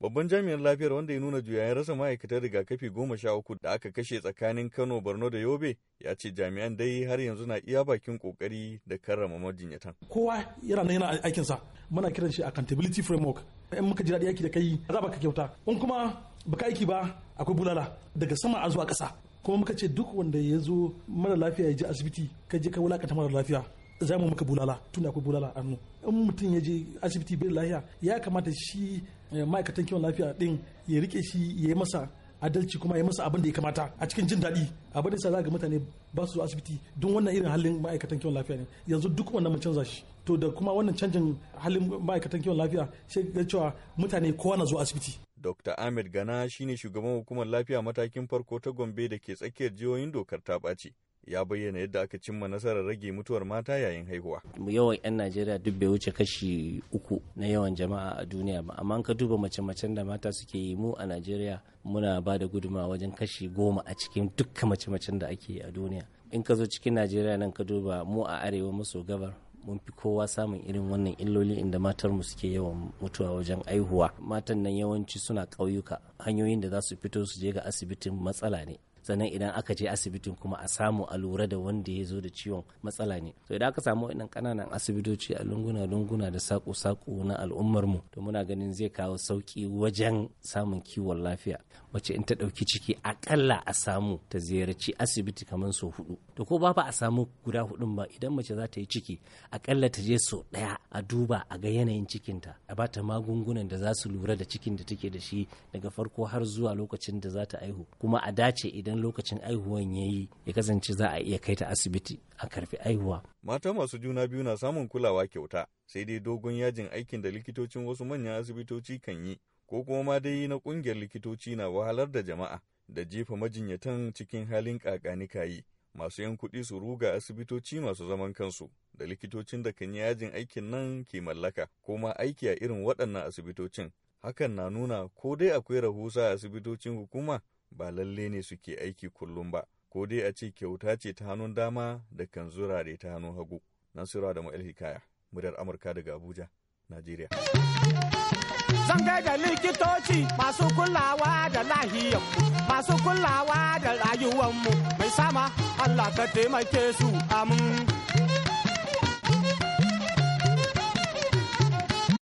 Babban jami'in lafiyar wanda ya nuna juyayen rasa ma'aikatan rigakafi goma sha uku da aka kashe tsakanin Kano, Borno da Yobe ya ce jami'an dai har yanzu na iya bakin kokari da karrama majinyatan. Kowa yana nan yana aikinsa muna kiran shi accountability framework. In muka ji daɗi aiki da kai za ka kyauta. In kuma baka aiki ba akwai bulala daga sama a zuwa ƙasa. Kuma muka ce duk wanda ya zo mara lafiya ya je asibiti ka je ka wulakanta mara lafiya za mu maka bulala tun da akwai bulala a in mutum ya je asibiti bai lafiya ya kamata shi eh, ma'aikatan kiwon lafiya din ya rike shi ya yi masa adalci kuma ya masa abin da ya kamata a cikin jin daɗi abin da za ga mutane ba su asibiti don wannan irin halin ma'aikatan kiwon lafiya ne yanzu duk wannan mun canza shi to da kuma wannan canjin halin ma'aikatan kiwon lafiya sai ga cewa mutane kowa na zuwa asibiti Dr. Ahmed Gana shine shugaban hukumar lafiya matakin farko ta Gombe da ke tsakiyar jihohin dokar ta ɓaci. ya bayyana yadda aka cimma nasarar rage mutuwar mata yayin haihuwa. Yawan 'yan Najeriya duk bai wuce kashi uku na yawan jama'a a duniya ba, amma ka duba mace-macen da mata suke yi mu a Najeriya muna ba da gudumawa wajen kashi goma a cikin dukkan mace-macen da ake yi a duniya. In ka zo cikin Najeriya nan ka duba mu a arewa maso gabar mun fi kowa samun irin wannan illoli inda matar mu suke yawan mutuwa wajen aihuwa matan nan yawanci suna ƙauyuka hanyoyin da za su fito su je ga asibitin matsala ne sannan idan aka je asibitin kuma a samu a lura da wanda ya zo da ciwon matsala ne to idan aka samu waɗannan kananan asibitoci a lunguna lunguna da sako sako na al'ummar mu to muna ganin zai kawo sauki wajen samun kiwon lafiya mace in ta ɗauki ciki akalla a samu ta ziyarci asibiti kamar sau hudu to ko ba a samu guda hudun ba idan mace za ta yi ciki akalla ta je sau ɗaya a duba a ga yanayin cikinta a bata magungunan da za su lura da cikin da take da shi daga farko har zuwa lokacin da za ta aihu kuma a dace idan idan lokacin aihuwan ya yi ya kasance za a iya kai ta asibiti a karfi aihuwa. Mata masu juna biyu na samun kulawa kyauta sai dai dogon yajin aikin da likitocin wasu manyan asibitoci kan yi ko kuma ma dai na kungiyar likitoci na wahalar da jama'a da jefa majinyatan cikin halin kakanika yi. Masu yan kuɗi su ruga asibitoci masu zaman kansu da likitocin da kan yi yajin aikin nan ke mallaka ko ma aiki a irin waɗannan asibitocin. Hakan na nuna ko dai akwai rahusa a asibitocin hukuma ba lalle ne suke aiki kullum ba, ko dai a ce kyauta ce ta hannun dama da kan zurare ta hannun hagu. Nasura da Ma'il Hikaya, muryar Amurka daga Abuja, Najeriya. Zan da likitoci masu kulawa da lahiyar, masu kulawa da mu mai sama Allah ka taimake su amin.